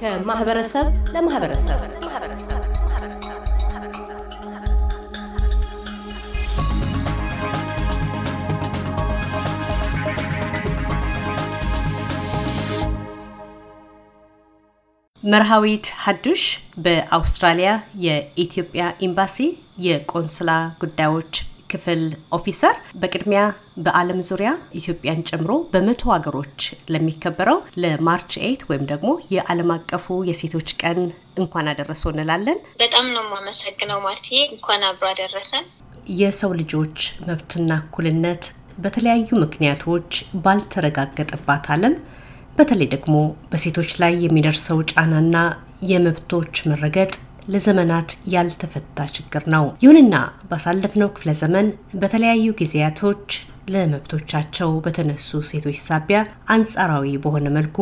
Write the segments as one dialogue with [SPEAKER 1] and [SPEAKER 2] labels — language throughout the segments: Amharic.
[SPEAKER 1] ከማህበረሰብ ለማህበረሰብ መርሃዊት ሀዱሽ በአውስትራሊያ የኢትዮጵያ ኤምባሲ የቆንስላ ጉዳዮች ክፍል ኦፊሰር፣ በቅድሚያ በዓለም ዙሪያ ኢትዮጵያን ጨምሮ በመቶ ሀገሮች ለሚከበረው ለማርች ኤይት ወይም ደግሞ የዓለም አቀፉ የሴቶች ቀን እንኳን አደረሰው እንላለን።
[SPEAKER 2] በጣም ነው የማመሰግነው ማርቲ፣ እንኳን አብሮ አደረሰን።
[SPEAKER 1] የሰው ልጆች መብትና እኩልነት በተለያዩ ምክንያቶች ባልተረጋገጠባት ዓለም በተለይ ደግሞ በሴቶች ላይ የሚደርሰው ጫናና የመብቶች መረገጥ ለዘመናት ያልተፈታ ችግር ነው። ይሁንና ባሳለፍነው ክፍለ ዘመን በተለያዩ ጊዜያቶች ለመብቶቻቸው በተነሱ ሴቶች ሳቢያ አንጻራዊ በሆነ መልኩ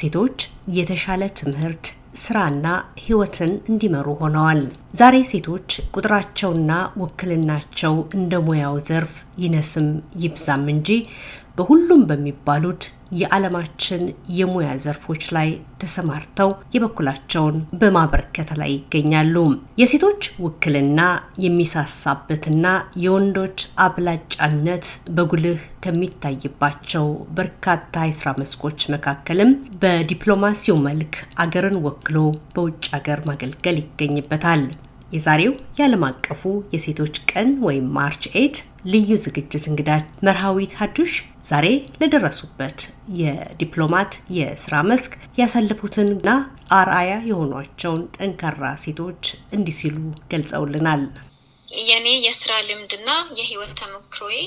[SPEAKER 1] ሴቶች የተሻለ ትምህርት፣ ስራና ህይወትን እንዲመሩ ሆነዋል። ዛሬ ሴቶች ቁጥራቸውና ውክልናቸው እንደ ሙያው ዘርፍ ይነስም ይብዛም እንጂ በሁሉም በሚባሉት የዓለማችን የሙያ ዘርፎች ላይ ተሰማርተው የበኩላቸውን በማበረከት ላይ ይገኛሉ። የሴቶች ውክልና የሚሳሳበትና የወንዶች አብላጫነት በጉልህ ከሚታይባቸው በርካታ የስራ መስኮች መካከልም በዲፕሎማሲው መልክ አገርን ወክሎ በውጭ አገር ማገልገል ይገኝበታል። የዛሬው የዓለም አቀፉ የሴቶች ቀን ወይም ማርች ኤድ ልዩ ዝግጅት እንግዳ መርሃዊት ሀዱሽ ዛሬ ለደረሱበት የዲፕሎማት የስራ መስክ ያሳለፉትንና አርአያ የሆኗቸውን ጠንካራ ሴቶች እንዲህ ሲሉ ገልጸውልናል።
[SPEAKER 2] የኔ የስራ ልምድና የህይወት ተሞክሮዬ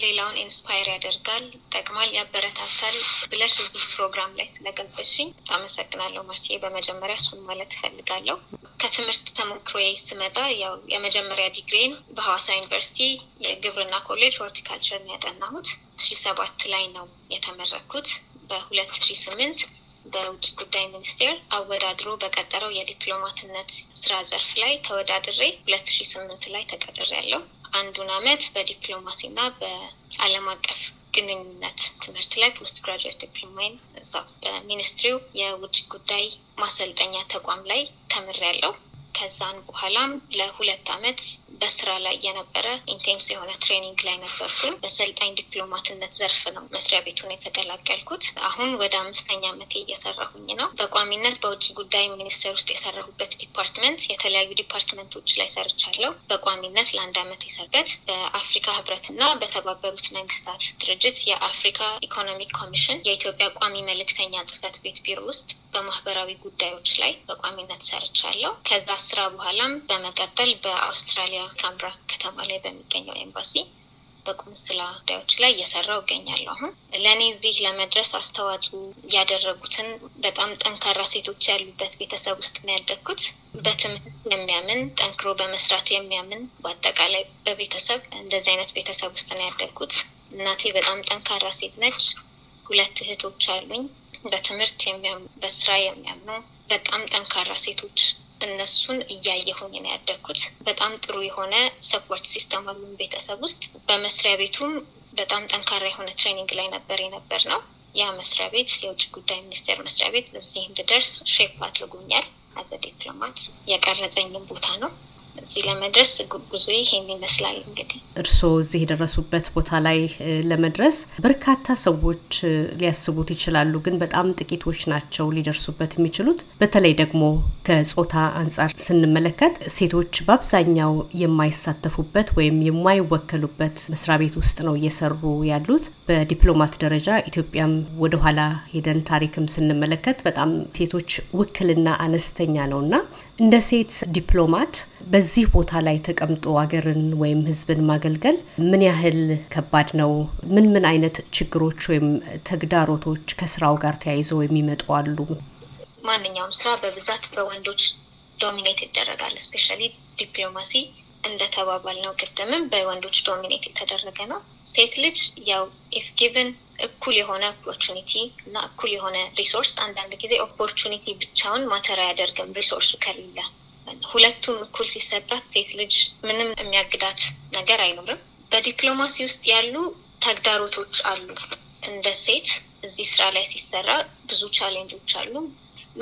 [SPEAKER 2] ሌላውን ኢንስፓየር ያደርጋል፣ ይጠቅማል፣ ያበረታታል ብለሽ እዚህ ፕሮግራም ላይ ስለገበሽኝ አመሰግናለሁ ማርትዬ። በመጀመሪያ እሱን ማለት እፈልጋለሁ። ከትምህርት ተሞክሮ ስመጣ ያው የመጀመሪያ ዲግሪን በሐዋሳ ዩኒቨርሲቲ የግብርና ኮሌጅ ሆርቲካልቸር ያጠናሁት። ሺ ሰባት ላይ ነው የተመረኩት። በሁለት ሺ ስምንት በውጭ ጉዳይ ሚኒስቴር አወዳድሮ በቀጠረው የዲፕሎማትነት ስራ ዘርፍ ላይ ተወዳድሬ ሁለት ሺ ስምንት ላይ ተቀጥሬያለሁ። አንዱን አመት በዲፕሎማሲና በአለም አቀፍ ግንኙነት ትምህርት ላይ ፖስት ግራጅዌት ዲፕሎማይን እዛ በሚኒስትሪው የውጭ ጉዳይ ማሰልጠኛ ተቋም ላይ ያለው ከዛን በኋላም ለሁለት አመት በስራ ላይ የነበረ ኢንቴንስ የሆነ ትሬኒንግ ላይ ነበርኩኝ። በሰልጣኝ ዲፕሎማትነት ዘርፍ ነው መስሪያ ቤቱን የተቀላቀልኩት። አሁን ወደ አምስተኛ አመቴ እየሰራሁኝ ነው። በቋሚነት በውጭ ጉዳይ ሚኒስቴር ውስጥ የሰራሁበት ዲፓርትመንት የተለያዩ ዲፓርትመንቶች ላይ ሰርቻለሁ። በቋሚነት ለአንድ አመት የሰርበት በአፍሪካ ህብረት እና በተባበሩት መንግስታት ድርጅት የአፍሪካ ኢኮኖሚክ ኮሚሽን የኢትዮጵያ ቋሚ መልእክተኛ ጽህፈት ቤት ቢሮ ውስጥ በማህበራዊ ጉዳዮች ላይ በቋሚነት ሰርቻለሁ። ከዛ ስራ በኋላም በመቀጠል በአውስትራሊያ ካምብራ ከተማ ላይ በሚገኘው ኤምባሲ በቆንስላ ጉዳዮች ላይ እየሰራው እገኛለሁ። አሁን ለእኔ እዚህ ለመድረስ አስተዋጽኦ ያደረጉትን በጣም ጠንካራ ሴቶች ያሉበት ቤተሰብ ውስጥ ነው ያደግኩት። በትምህርት የሚያምን ጠንክሮ በመስራት የሚያምን በአጠቃላይ በቤተሰብ እንደዚህ አይነት ቤተሰብ ውስጥ ነው ያደግኩት። እናቴ በጣም ጠንካራ ሴት ነች። ሁለት እህቶች አሉኝ። በትምህርት የሚያምኑ፣ በስራ የሚያምኑ በጣም ጠንካራ ሴቶች እነሱን እያየሁኝ ነው ያደግኩት። በጣም ጥሩ የሆነ ሰፖርት ሲስተም አሉን ቤተሰብ ውስጥ። በመስሪያ ቤቱም በጣም ጠንካራ የሆነ ትሬኒንግ ላይ ነበር የነበር ነው። ያ መስሪያ ቤት የውጭ ጉዳይ ሚኒስቴር መስሪያ ቤት እዚህ እንድደርስ ሼፕ አድርጎኛል። አዘ ዲፕሎማት የቀረጸኝም ቦታ ነው። እዚህ ለመድረስ ጉዞ ይሄን ይመስላል።
[SPEAKER 1] እንግዲህ እርስዎ እዚህ የደረሱበት ቦታ ላይ ለመድረስ በርካታ ሰዎች ሊያስቡት ይችላሉ፣ ግን በጣም ጥቂቶች ናቸው ሊደርሱበት የሚችሉት። በተለይ ደግሞ ከጾታ አንጻር ስንመለከት ሴቶች በአብዛኛው የማይሳተፉበት ወይም የማይወከሉበት መስሪያ ቤት ውስጥ ነው እየሰሩ ያሉት። በዲፕሎማት ደረጃ ኢትዮጵያም ወደኋላ ሄደን ታሪክም ስንመለከት በጣም ሴቶች ውክልና አነስተኛ ነውና እንደ ሴት ዲፕሎማት በዚህ ቦታ ላይ ተቀምጦ ሀገርን ወይም ህዝብን ማገልገል ምን ያህል ከባድ ነው? ምን ምን አይነት ችግሮች ወይም ተግዳሮቶች ከስራው ጋር ተያይዘው የሚመጡ አሉ?
[SPEAKER 2] ማንኛውም ስራ በብዛት በወንዶች ዶሚኔት ይደረጋል። እስፔሻሊ ዲፕሎማሲ እንደተባባል ነው ቅድምም በወንዶች ዶሚኔት የተደረገ ነው። ሴት ልጅ ያው ኢፍ ጊቭን እኩል የሆነ ኦፖርቹኒቲ እና እኩል የሆነ ሪሶርስ። አንዳንድ ጊዜ ኦፖርቹኒቲ ብቻውን ማተር አያደርግም ሪሶርሱ ከሌለ። ሁለቱም እኩል ሲሰጣት ሴት ልጅ ምንም የሚያግዳት ነገር አይኖርም። በዲፕሎማሲ ውስጥ ያሉ ተግዳሮቶች አሉ። እንደ ሴት እዚህ ስራ ላይ ሲሰራ ብዙ ቻሌንጆች አሉ።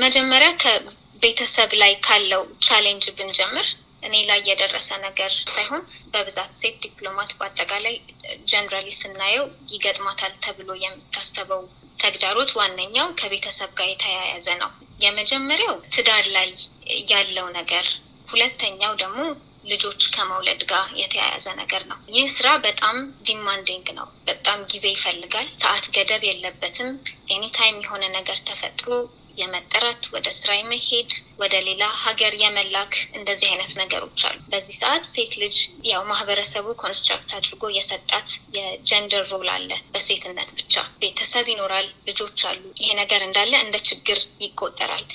[SPEAKER 2] መጀመሪያ ከቤተሰብ ላይ ካለው ቻሌንጅ ብንጀምር እኔ ላይ የደረሰ ነገር ሳይሆን በብዛት ሴት ዲፕሎማት በአጠቃላይ ጀነራሊ ስናየው ይገጥማታል ተብሎ የሚታሰበው ተግዳሮት ዋነኛው ከቤተሰብ ጋር የተያያዘ ነው። የመጀመሪያው ትዳር ላይ ያለው ነገር፣ ሁለተኛው ደግሞ ልጆች ከመውለድ ጋር የተያያዘ ነገር ነው። ይህ ስራ በጣም ዲማንዲንግ ነው። በጣም ጊዜ ይፈልጋል። ሰአት ገደብ የለበትም። ኤኒታይም የሆነ ነገር ተፈጥሮ የመጠረት፣ ወደ ስራ የመሄድ፣ ወደ ሌላ ሀገር የመላክ እንደዚህ አይነት ነገሮች አሉ። በዚህ ሰዓት ሴት ልጅ ያው ማህበረሰቡ ኮንስትራክት አድርጎ የሰጣት የጀንደር ሮል አለ። በሴትነት ብቻ ቤተሰብ ይኖራል፣ ልጆች አሉ። ይሄ ነገር እንዳለ እንደ ችግር ይቆጠራል።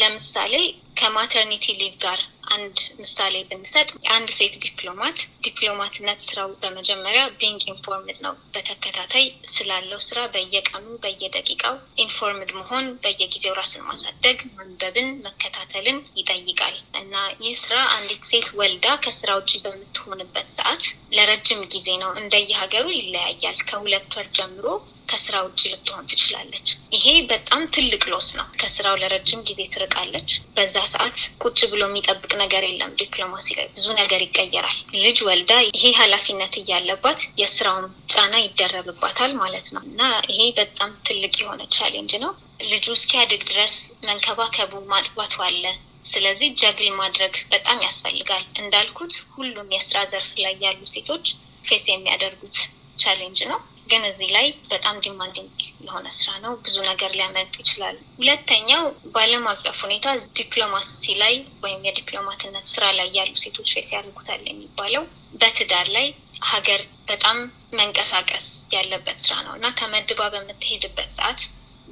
[SPEAKER 2] ለምሳሌ ከማተርኒቲ ሊቭ ጋር አንድ ምሳሌ ብንሰጥ አንድ ሴት ዲፕሎማት ዲፕሎማትነት ስራው በመጀመሪያ ቢንግ ኢንፎርምድ ነው። በተከታታይ ስላለው ስራ በየቀኑ በየደቂቃው ኢንፎርምድ መሆን በየጊዜው ራስን ማሳደግ፣ ማንበብን፣ መከታተልን ይጠይቃል እና ይህ ስራ አንዲት ሴት ወልዳ ከስራ ውጭ በምትሆንበት ሰዓት ለረጅም ጊዜ ነው። እንደየሀገሩ ይለያያል። ከሁለት ወር ጀምሮ ከስራ ውጭ ልትሆን ትችላለች። ይሄ በጣም ትልቅ ሎስ ነው። ከስራው ለረጅም ጊዜ ትርቃለች። በዛ ሰዓት ቁጭ ብሎ የሚጠብቅ ነገር የለም። ዲፕሎማሲ ላይ ብዙ ነገር ይቀየራል። ልጅ ወልዳ ይሄ ኃላፊነት እያለባት የስራውን ጫና ይደረብባታል ማለት ነው እና ይሄ በጣም ትልቅ የሆነ ቻሌንጅ ነው። ልጁ እስኪያድግ ድረስ መንከባከቡ ማጥባቱ አለ። ስለዚህ ጀግል ማድረግ በጣም ያስፈልጋል። እንዳልኩት ሁሉም የስራ ዘርፍ ላይ ያሉ ሴቶች ፌስ የሚያደርጉት ቻሌንጅ ነው። ግን እዚህ ላይ በጣም ዲማንዲንግ የሆነ ስራ ነው። ብዙ ነገር ሊያመጥ ይችላል። ሁለተኛው በዓለም አቀፍ ሁኔታ ዲፕሎማሲ ላይ ወይም የዲፕሎማትነት ስራ ላይ ያሉ ሴቶች ፌስ ያደርጉታል የሚባለው በትዳር ላይ ሀገር በጣም መንቀሳቀስ ያለበት ስራ ነው እና ተመድባ በምትሄድበት ሰዓት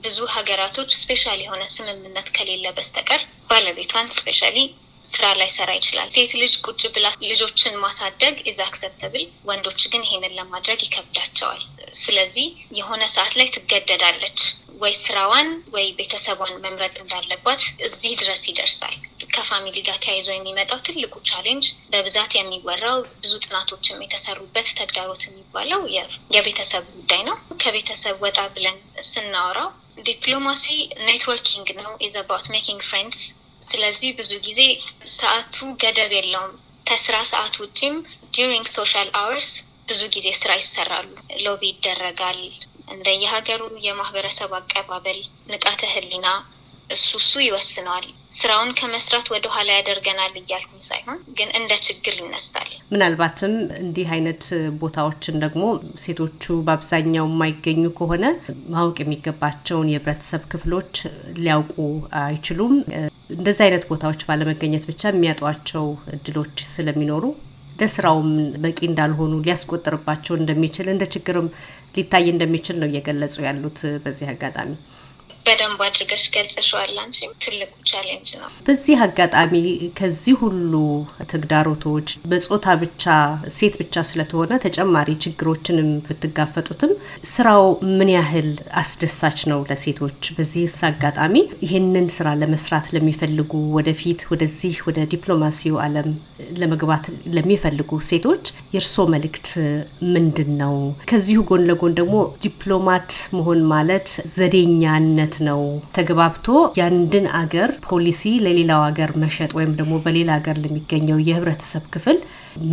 [SPEAKER 2] ብዙ ሀገራቶች ስፔሻል የሆነ ስምምነት ከሌለ በስተቀር ባለቤቷን ስፔሻሊ ስራ ላይ ሰራ ይችላል። ሴት ልጅ ቁጭ ብላ ልጆችን ማሳደግ ኢዝ አክሰፕተብል፣ ወንዶች ግን ይሄንን ለማድረግ ይከብዳቸዋል። ስለዚህ የሆነ ሰዓት ላይ ትገደዳለች ወይ ስራዋን ወይ ቤተሰቧን መምረጥ እንዳለባት እዚህ ድረስ ይደርሳል። ከፋሚሊ ጋር ተያይዞ የሚመጣው ትልቁ ቻሌንጅ በብዛት የሚወራው ብዙ ጥናቶችም የተሰሩበት ተግዳሮት የሚባለው የቤተሰብ ጉዳይ ነው። ከቤተሰብ ወጣ ብለን ስናወራው ዲፕሎማሲ ኔትወርኪንግ ነው ኢዝ አባውት ሜኪንግ ፍሬንድስ ስለዚህ ብዙ ጊዜ ሰዓቱ ገደብ የለውም። ከስራ ሰዓት ውጪም ዲሪንግ ሶሻል አወርስ ብዙ ጊዜ ስራ ይሰራሉ፣ ሎቢ ይደረጋል። እንደየሀገሩ የማህበረሰብ አቀባበል፣ ንቃተ ህሊና እሱ እሱ ይወስነዋል። ስራውን ከመስራት ወደ ኋላ ያደርገናል እያልኩም ሳይሆን ግን እንደ ችግር ይነሳል።
[SPEAKER 1] ምናልባትም እንዲህ አይነት ቦታዎችን ደግሞ ሴቶቹ በአብዛኛው የማይገኙ ከሆነ ማወቅ የሚገባቸውን የህብረተሰብ ክፍሎች ሊያውቁ አይችሉም። እንደዚህ አይነት ቦታዎች ባለመገኘት ብቻ የሚያጧቸው እድሎች ስለሚኖሩ ለስራውም በቂ እንዳልሆኑ ሊያስቆጥርባቸው እንደሚችል እንደ ችግርም ሊታይ እንደሚችል ነው እየገለጹ ያሉት በዚህ አጋጣሚ
[SPEAKER 2] በደንብ አድርገሽ ገልጸሽዋል። አንቺም ትልቁ ቻሌንጅ ነው።
[SPEAKER 1] በዚህ አጋጣሚ ከዚህ ሁሉ ተግዳሮቶች በጾታ ብቻ ሴት ብቻ ስለተሆነ ተጨማሪ ችግሮችንም ብትጋፈጡትም ስራው ምን ያህል አስደሳች ነው ለሴቶች? በዚህስ አጋጣሚ ይህንን ስራ ለመስራት ለሚፈልጉ ወደፊት ወደዚህ ወደ ዲፕሎማሲው ዓለም ለመግባት ለሚፈልጉ ሴቶች የእርስዎ መልእክት ምንድን ነው? ከዚሁ ጎን ለጎን ደግሞ ዲፕሎማት መሆን ማለት ዘዴኛነት ማለት ነው። ተግባብቶ የአንድን አገር ፖሊሲ ለሌላው አገር መሸጥ ወይም ደግሞ በሌላ አገር ለሚገኘው የህብረተሰብ ክፍል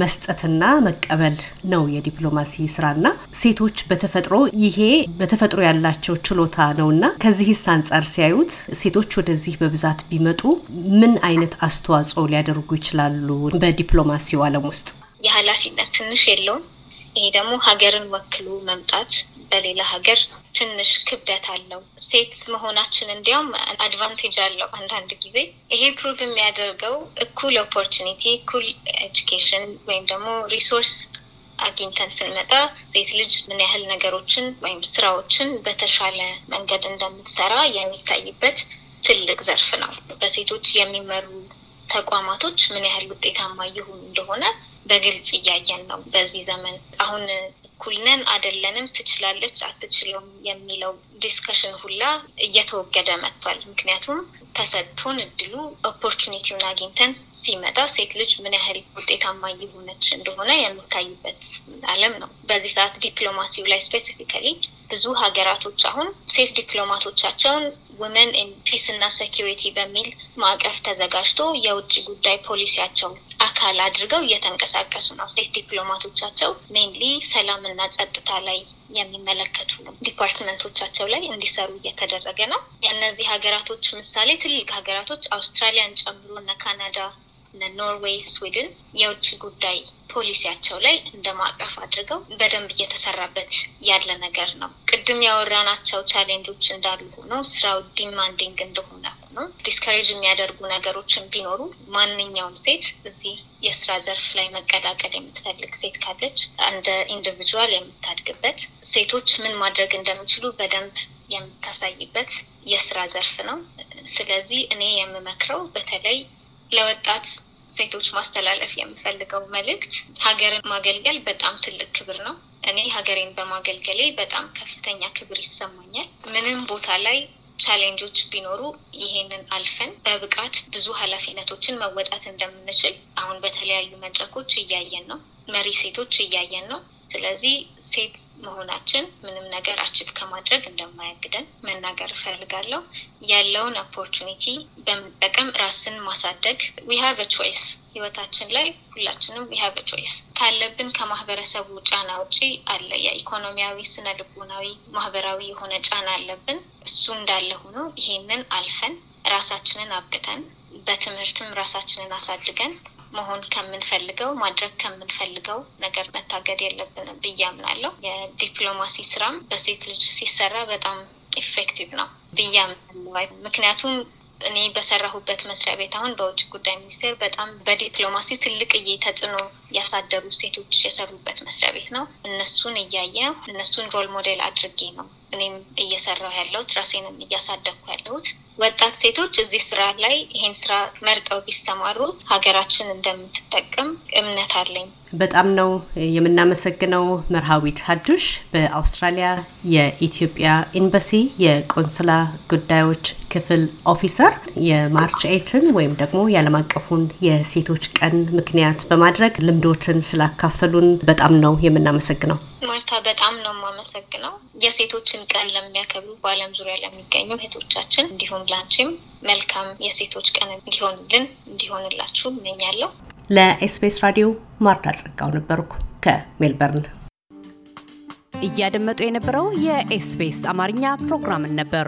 [SPEAKER 1] መስጠትና መቀበል ነው የዲፕሎማሲ ስራና ሴቶች በተፈጥሮ ይሄ በተፈጥሮ ያላቸው ችሎታ ነውና ከዚህስ አንጻር ሲያዩት ሴቶች ወደዚህ በብዛት ቢመጡ ምን አይነት አስተዋጽኦ ሊያደርጉ ይችላሉ በዲፕሎማሲው አለም ውስጥ?
[SPEAKER 2] የሀላፊነት ትንሽ የለውም ይሄ ደግሞ ሀገርን ወክሎ መምጣት በሌላ ሀገር ትንሽ ክብደት አለው። ሴት መሆናችን እንዲያውም አድቫንቴጅ አለው አንዳንድ ጊዜ። ይሄ ፕሩቭ የሚያደርገው እኩል ኦፖርቹኒቲ፣ እኩል ኤጁኬሽን ወይም ደግሞ ሪሶርስ አግኝተን ስንመጣ ሴት ልጅ ምን ያህል ነገሮችን ወይም ስራዎችን በተሻለ መንገድ እንደምትሰራ የሚታይበት ትልቅ ዘርፍ ነው። በሴቶች የሚመሩ ተቋማቶች ምን ያህል ውጤታማ ይሁን እንደሆነ በግልጽ እያየን ነው። በዚህ ዘመን አሁን እኩልነን አደለንም፣ ትችላለች አትችልም የሚለው ዲስከሽን ሁላ እየተወገደ መጥቷል። ምክንያቱም ተሰጥቶን እድሉ ኦፖርቹኒቲውን አግኝተን ሲመጣ ሴት ልጅ ምን ያህል ውጤታማ የሆነች እንደሆነ የምታይበት አለም ነው። በዚህ ሰዓት ዲፕሎማሲው ላይ ስፔሲፊካሊ ብዙ ሀገራቶች አሁን ሴት ዲፕሎማቶቻቸውን ውመን ኢን ፒስ እና ሴኪሪቲ በሚል ማዕቀፍ ተዘጋጅቶ የውጭ ጉዳይ ፖሊሲያቸው አካል አድርገው እየተንቀሳቀሱ ነው። ሴት ዲፕሎማቶቻቸው ሜንሊ ሰላምና ጸጥታ ላይ የሚመለከቱ ዲፓርትመንቶቻቸው ላይ እንዲሰሩ እየተደረገ ነው። የእነዚህ ሀገራቶች ምሳሌ ትልቅ ሀገራቶች አውስትራሊያን ጨምሮ እነ ካናዳ፣ እነ ኖርዌይ፣ ስዊድን የውጭ ጉዳይ ፖሊሲያቸው ላይ እንደ ማዕቀፍ አድርገው በደንብ እየተሰራበት ያለ ነገር ነው። ቅድም ያወራናቸው ቻሌንጆች እንዳሉ ሆኖ ስራው ዲማንዲንግ እንደሆነ ነው። ዲስከሬጅ የሚያደርጉ ነገሮችን ቢኖሩ ማንኛውም ሴት እዚህ የስራ ዘርፍ ላይ መቀላቀል የምትፈልግ ሴት ካለች እንደ ኢንዲቪጁዋል የምታድግበት ሴቶች ምን ማድረግ እንደሚችሉ በደንብ የምታሳይበት የስራ ዘርፍ ነው። ስለዚህ እኔ የምመክረው በተለይ ለወጣት ሴቶች ማስተላለፍ የምፈልገው መልእክት ሀገርን ማገልገል በጣም ትልቅ ክብር ነው። እኔ ሀገሬን በማገልገሌ በጣም ከፍተኛ ክብር ይሰማኛል። ምንም ቦታ ላይ ቻሌንጆች ቢኖሩ ይሄንን አልፈን በብቃት ብዙ ኃላፊነቶችን መወጣት እንደምንችል አሁን በተለያዩ መድረኮች እያየን ነው። መሪ ሴቶች እያየን ነው። ስለዚህ ሴት መሆናችን ምንም ነገር አችብ ከማድረግ እንደማያግደን መናገር እፈልጋለሁ። ያለውን ኦፖርቹኒቲ በመጠቀም ራስን ማሳደግ ዊ ሃቭ ቾይስ ህይወታችን ላይ ሁላችንም ዊ ሃቭ ቾይስ ካለብን ከማህበረሰቡ ጫና ውጪ አለ። የኢኮኖሚያዊ፣ ስነ ልቦናዊ፣ ማህበራዊ የሆነ ጫና አለብን። እሱ እንዳለ ሆኖ ይሄንን አልፈን ራሳችንን አብቅተን በትምህርትም ራሳችንን አሳድገን መሆን ከምንፈልገው ማድረግ ከምንፈልገው ነገር መታገድ የለብንም ብዬ አምናለሁ። የዲፕሎማሲ ስራም በሴት ልጅ ሲሰራ በጣም ኢፌክቲቭ ነው ብዬ አምናለሁ። ምክንያቱም እኔ በሰራሁበት መስሪያ ቤት አሁን በውጭ ጉዳይ ሚኒስቴር በጣም በዲፕሎማሲ ትልቅዬ ተጽዕኖ ያሳደሩ ሴቶች የሰሩበት መስሪያ ቤት ነው። እነሱን እያየ እነሱን ሮል ሞዴል አድርጌ ነው እኔም እየሰራሁ ያለሁት ራሴንም እያሳደግኩ ያለሁት ወጣት ሴቶች እዚህ ስራ ላይ ይህን ስራ መርጠው ቢሰማሩ ሀገራችን እንደምትጠቅም እምነት አለኝ።
[SPEAKER 1] በጣም ነው የምናመሰግነው መርሃዊት ሀዱሽ በአውስትራሊያ የኢትዮጵያ ኤምባሲ የቆንስላ ጉዳዮች ክፍል ኦፊሰር። የማርች ኤትን ወይም ደግሞ የዓለም አቀፉን የሴቶች ቀን ምክንያት በማድረግ ልምዶትን ስላካፈሉን በጣም ነው የምናመሰግነው።
[SPEAKER 2] ማርታ በጣም ነው የማመሰግነው። የሴቶችን ቀን ለሚያከብሩ በአለም ዙሪያ ለሚገኙ እህቶቻችን እንዲሁም ላንቺም መልካም የሴቶች ቀን እንዲሆንልን
[SPEAKER 1] እንዲሆንላችሁ እመኛለሁ። ለኤስፔስ ራዲዮ ማርታ ጸጋው ነበርኩ ከሜልበርን። እያደመጡ የነበረው የኤስፔስ አማርኛ ፕሮግራምን ነበር።